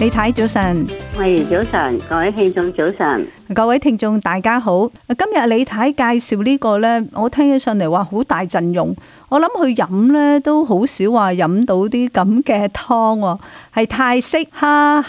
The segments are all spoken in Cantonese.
李太早晨，喂，早晨，各位聽眾早晨，各位聽眾大家好。今日李太介紹呢個咧，我聽起上嚟話好大陣容，我諗佢飲咧都好少話飲到啲咁嘅湯喎，係泰式蝦蟹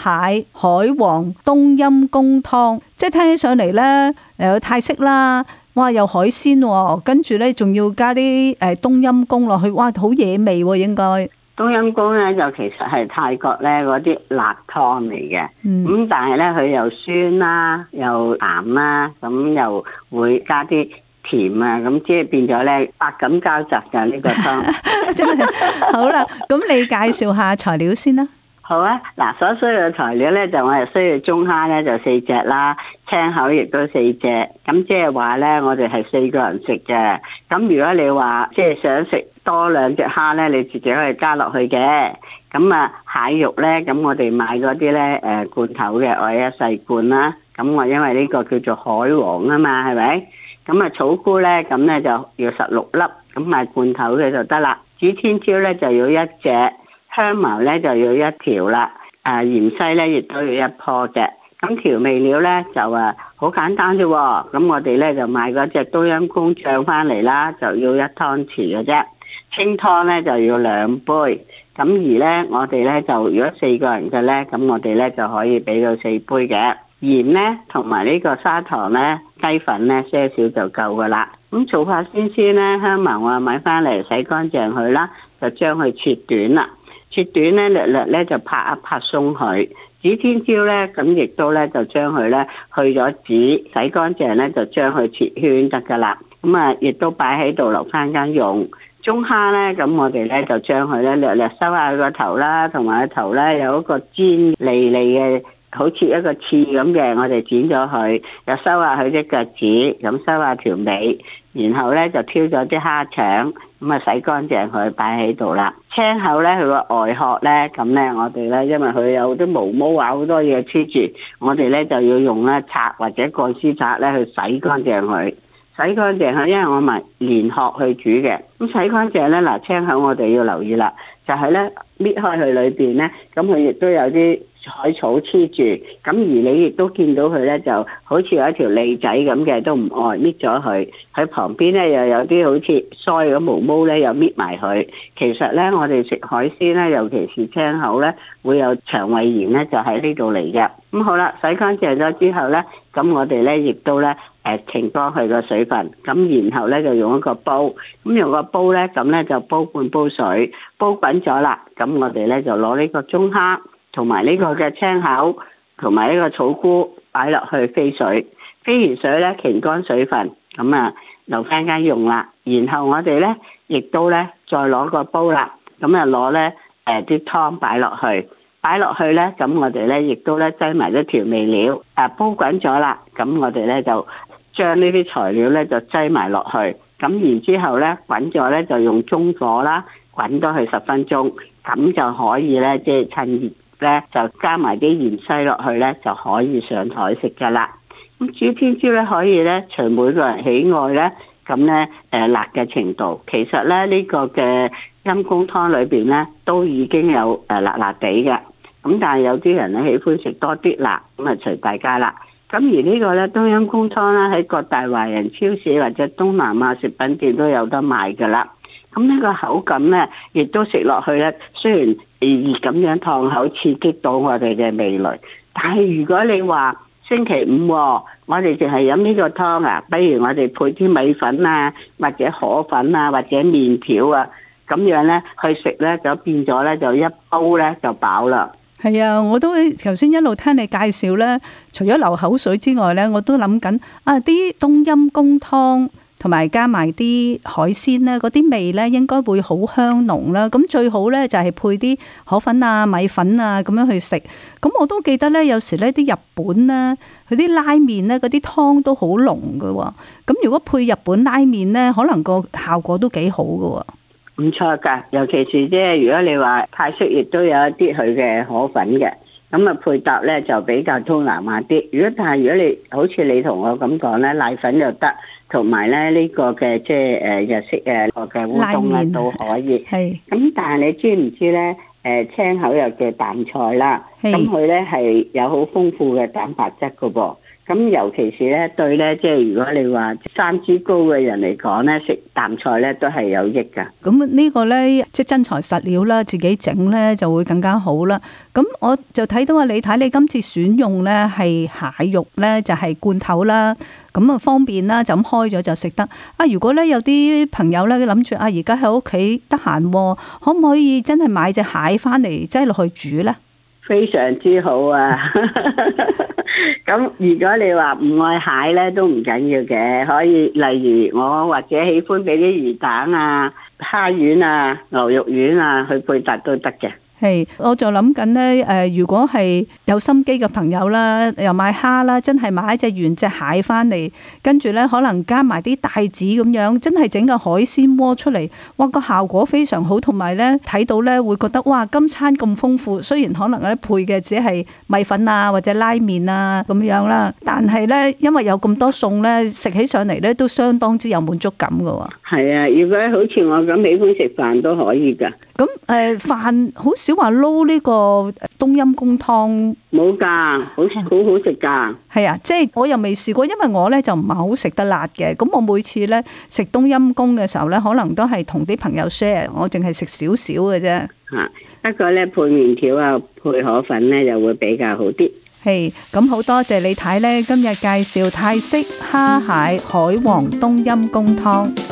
海皇冬陰公湯，即係聽起上嚟咧，又有泰式啦，哇，又有海鮮，跟住咧仲要加啲誒冬陰公落去，哇，好野味應該。冬陰功咧就其實係泰國咧嗰啲辣湯嚟嘅，咁、嗯、但係咧佢又酸啦、啊，又鹹啦、啊，咁又會加啲甜啊，咁即係變咗咧百感交集就呢個湯。 好啦，咁你介紹下材料先啦。好啊，嗱，所需嘅材料咧就我哋需要中蝦咧就四隻啦，青口亦都四隻，咁即係話咧我哋係四個人食嘅，咁如果你話即係想食。 多兩隻蝦咧，你自己可以加落去嘅。咁啊，蟹肉咧，咁我哋買嗰啲咧，誒、呃、罐頭嘅，我一細罐啦。咁我因為呢個叫做海王啊嘛，係咪？咁啊，草菇咧，咁咧就要十六粒，咁買罐頭嘅就得啦。指天椒咧就要一隻，香茅咧就要一條啦。啊，芫茜咧亦都要一棵嘅。咁調味料咧就話好簡單啫喎、哦。咁我哋咧就買嗰隻冬蔭功醬翻嚟啦，就要一湯匙嘅啫。清湯咧就要兩杯，咁而咧我哋咧就如果四個人嘅咧，咁我哋咧就可以俾到四杯嘅鹽咧，同埋呢個砂糖咧、雞粉咧些少就夠噶啦。咁做法先先咧，香茅我買翻嚟洗乾淨佢啦，就將佢切短啦，切短咧略略咧就拍一拍鬆佢。指天椒咧咁亦都咧就將佢咧去咗籽，洗乾淨咧就將佢切圈得噶啦。咁啊，亦都擺喺度留翻間用。中蝦咧，咁我哋咧就將佢咧略略收下佢個頭啦，同埋個頭咧有一個尖利利嘅，好似一個刺咁嘅，我哋剪咗佢，又收下佢啲腳趾，咁收下條尾，然後咧就挑咗啲蝦腸，咁啊，洗乾淨佢擺喺度啦。青口咧佢個外殼咧，咁咧我哋咧因為佢有啲毛毛啊，好多嘢黐住，我哋咧就要用咧刷或者鋼絲刷咧去洗乾淨佢。洗乾淨，因為我咪連殼去煮嘅，咁洗乾淨呢嗱，青口我哋要留意啦，就係呢搣開佢裏邊呢，咁佢亦都有啲。海草黐住，咁而你亦都見到佢咧，就好似有一條脷仔咁嘅，都唔愛搣咗佢。喺旁邊咧又有啲好似腮咗毛毛咧，又搣埋佢。其實咧，我哋食海鮮咧，尤其是青口咧，會有腸胃炎咧，就喺呢度嚟嘅。咁好啦，洗乾淨咗之後咧，咁我哋咧亦都咧誒，淨乾佢個水分，咁然後咧就用一個煲，咁、嗯、用個煲咧，咁咧就煲半煲水，煲滾咗啦，咁我哋咧就攞呢個中蝦。同埋呢個嘅青口，同埋呢個草菇擺落去飛水，飛完水咧傾乾水分，咁啊留翻間用啦。然後我哋咧，亦都咧再攞個煲啦，咁啊攞咧誒啲湯擺落去，擺落去咧，咁我哋咧亦都咧擠埋啲調味料，啊煲滾咗啦，咁我哋咧就將呢啲材料咧就擠埋落去，咁然之後咧滾咗咧就用中火啦，滾多佢十分鐘，咁就可以咧即係趁熱。咧就加埋啲芫荽落去咧，就可以上台食噶啦。咁煮天椒咧，可以咧隨每個人喜愛咧，咁咧誒辣嘅程度。其實咧呢個嘅陰公湯裏邊咧都已經有誒辣辣地嘅。咁但係有啲人咧喜歡食多啲辣，咁啊隨大家啦。咁而呢個咧冬陰公湯啦，喺各大華人超市或者東南亞食品店都有得賣噶啦。咁、這、呢個口感咧，亦都食落去咧，雖然。熱熱咁樣燙口，刺激到我哋嘅味蕾。但係如果你話星期五，我哋淨係飲呢個湯啊，比如我哋配啲米粉啊，或者河粉啊，或者麵條啊，咁樣咧去食咧，就變咗咧，就一煲咧就飽啦。係啊，我都頭先一路聽你介紹咧，除咗流口水之外咧，我都諗緊啊啲冬陰功湯。同埋加埋啲海鮮咧，嗰啲味咧應該會好香濃啦。咁最好咧就係配啲河粉啊、米粉啊咁樣去食。咁我都記得咧，有時呢啲日本咧佢啲拉麵咧嗰啲湯都好濃㗎喎。咁如果配日本拉麵咧，可能個效果都幾好㗎喎。唔錯㗎，尤其是即係如果你話泰式，亦都有一啲佢嘅河粉嘅。咁啊配搭咧就比較粗纏下啲，如果但係如果你好似你同我咁講咧，奶粉又得，同埋咧呢個嘅即係誒日式誒個嘅烏冬啦都可以，係、這個。咁、就是、但係你知唔知咧？誒青口又嘅淡菜啦，咁佢咧係有好豐富嘅蛋白質㗎噃。咁尤其是咧，對咧，即係如果你話三脂高嘅人嚟講咧，食淡菜咧都係有益噶。咁呢個咧，即係真材實料啦，自己整咧就會更加好啦。咁我就睇到啊，李太你今次選用咧係蟹肉咧，就係罐頭啦，咁啊方便啦，就開咗就食得。啊，如果咧有啲朋友咧諗住啊，而家喺屋企得閒，可唔可以真係買隻蟹翻嚟擠落去煮咧？非常之好啊！咁 如果你話唔愛蟹呢，都唔緊要嘅，可以例如我或者喜歡俾啲魚蛋啊、蝦丸啊、牛肉丸啊去配搭都得嘅。係，我就諗緊咧，誒，如果係有心機嘅朋友啦，又買蝦啦，真係買一隻原隻蟹翻嚟，跟住咧可能加埋啲帶子咁樣，真係整個海鮮鍋出嚟，哇，個效果非常好，同埋咧睇到咧會覺得哇，今餐咁豐富，雖然可能咧配嘅只係米粉啊或者拉麵啊咁樣啦，但係咧因為有咁多餸咧，食起上嚟咧都相當之有滿足感㗎喎。係啊，如果好似我咁喜歡食飯都可以㗎。咁誒飯好少。你話撈呢個冬陰公湯冇噶？好食，好好食噶。係啊，即係我又未試過，因為我咧就唔係好食得辣嘅。咁我每次咧食冬陰公嘅時候咧，可能都係同啲朋友 share，我淨係食少少嘅啫。吓，不過咧配麵條啊，配河粉咧就會比較好啲。係，咁好多謝你睇咧今日介紹泰式蝦蟹海皇冬陰公湯。